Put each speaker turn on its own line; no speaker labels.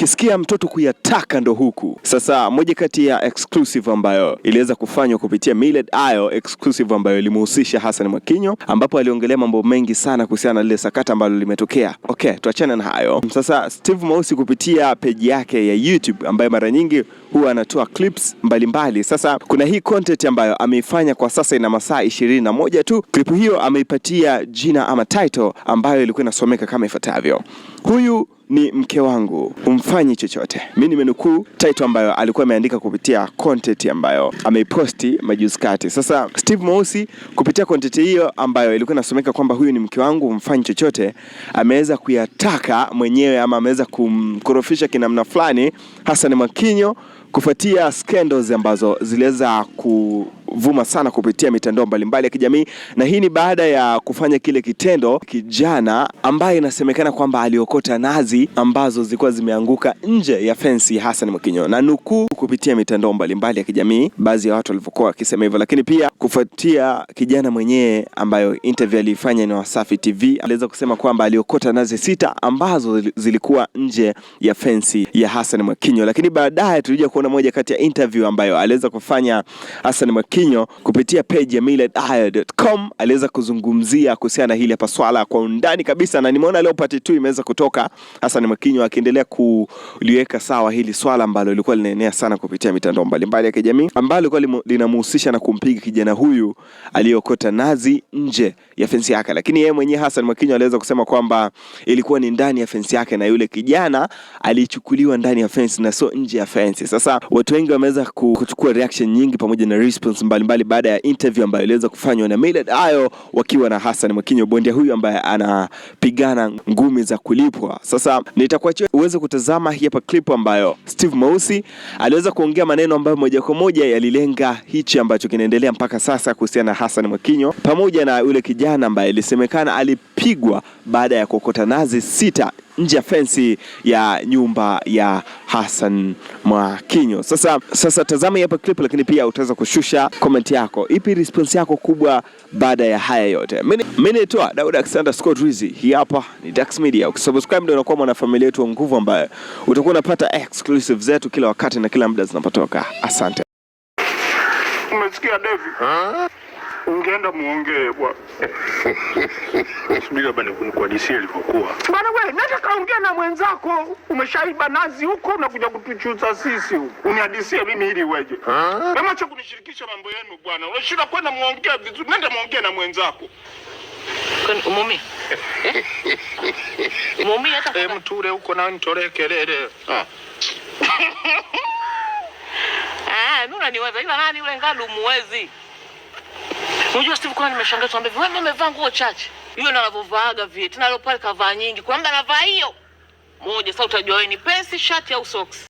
ukisikia mtoto kuyataka ndo huku. Sasa moja kati ya exclusive ambayo iliweza kufanywa kupitia Millard Ayo, exclusive ambayo ilimhusisha Hassan Mwakinyo, ambapo aliongelea mambo mengi sana kuhusiana na lile sakata ambalo limetokea. Okay, tuachane na hayo sasa. Steve mausi kupitia peji yake ya YouTube ambayo mara nyingi huwa anatoa clips mbalimbali mbali. Sasa kuna hii content ambayo ameifanya kwa sasa ina masaa ishirini na moja tu. Clip hiyo ameipatia jina ama title ambayo ilikuwa inasomeka kama ifuatavyo: huyu ni mke wangu, umfanyi chochote. Mi nimenukuu title ambayo alikuwa ameandika kupitia content ambayo ameiposti majuzi kati. Sasa Steve Mweusi kupitia content hiyo ambayo ilikuwa inasomeka kwamba huyu ni mke wangu, umfanyi chochote, ameweza kuyataka mwenyewe ama ameweza kumkorofisha kinamna fulani Hassan Mwakinyo kufuatia scandals ambazo ziliweza ku vuma sana kupitia mitandao mbalimbali ya kijamii, na hii ni baada ya kufanya kile kitendo kijana ambaye inasemekana kwamba aliokota nazi ambazo zilikuwa zimeanguka nje ya fensi Hassan Mwakinyo, na nukuu kupitia mitandao mbalimbali ya kijamii, baadhi ya watu walivyokuwa wakisema hivyo, lakini pia kufuatia kijana mwenyewe ambayo interview aliifanya na Wasafi TV, aliweza kusema kwamba aliokota nazi sita ambazo zilikuwa nje ya fensi ya Hassan Mwakinyo, lakini baadaye tulija kuona moja kati ya interview ambayo aliweza kufanya Hassan Mwakinyo Mkinyo kupitia page ya millardayo.com aliweza kuzungumzia kuhusiana hili hapa swala kwa undani kabisa, na nimeona leo part 2 imeweza kutoka, Hassan Mkinyo akiendelea kuliweka sawa hili swala ambalo lilikuwa linaenea sana kupitia mitandao mbalimbali ya kijamii ambalo lilikuwa linamhusisha na kumpiga kijana huyu aliyokota nazi nje ya fensi yake, lakini yeye mwenyewe Hassan Mkinyo aliweza kusema kwamba ilikuwa ni ndani ya fensi yake na yule kijana alichukuliwa ndani ya fensi na sio nje ya fensi. Sasa watu wengi wameweza kuchukua reaction nyingi pamoja na response mbalimbali baada ya interview ambayo iliweza kufanywa na Millard Ayo wakiwa na Hassan Mwakinyo, bondia huyu ambaye anapigana ngumi za kulipwa. Sasa nitakuachia uweze kutazama hii hapa clip ambayo Steve mausi aliweza kuongea maneno ambayo moja kwa moja yalilenga hichi ambacho kinaendelea mpaka sasa kuhusiana na Hassan Mwakinyo pamoja na yule kijana ambaye ilisemekana alipigwa baada ya kuokota nazi sita nje ya fensi ya nyumba ya Hassan Mwakinyo. Sasa, sasa tazama hapa clip, lakini pia utaweza kushusha comment yako. Ipi response yako kubwa baada ya haya yote? Mimi naitwa Daud Alexander Scott Rizzi, hii hapa ni Dax Media. Ukisubscribe ndio unakuwa mwanafamilia wetu wa nguvu, ambayo utakuwa unapata exclusive zetu kila wakati na kila muda zinapotoka. Asante. Umesikia Devi? ungeenda muongee nikuhadisie ilivyokuwa bwana. Wewe nataka kaongea na mwenzako, umeshaiba nazi huko, unakuja kutuchuza sisi huko, unihadisie mimi ili weje? Kama cha kunishirikisha mambo yenu bwana, unashinda kwenda muongea vizuri, nenda muongee na mwenzako. Mumi mumi, hata eh, mture huko na nitolee kelele mimi, ah, unaniweza ila nani ule ngalu muwezi Unajua Steve, kuna nimeshangaa tuambie wewe umevaa nguo chache. Yule ndio anavyovaaga vile. Tena leo pale kavaa nyingi. Kwa nini anavaa hiyo moja, sasa utajua wewe ni pesi, shati au socks.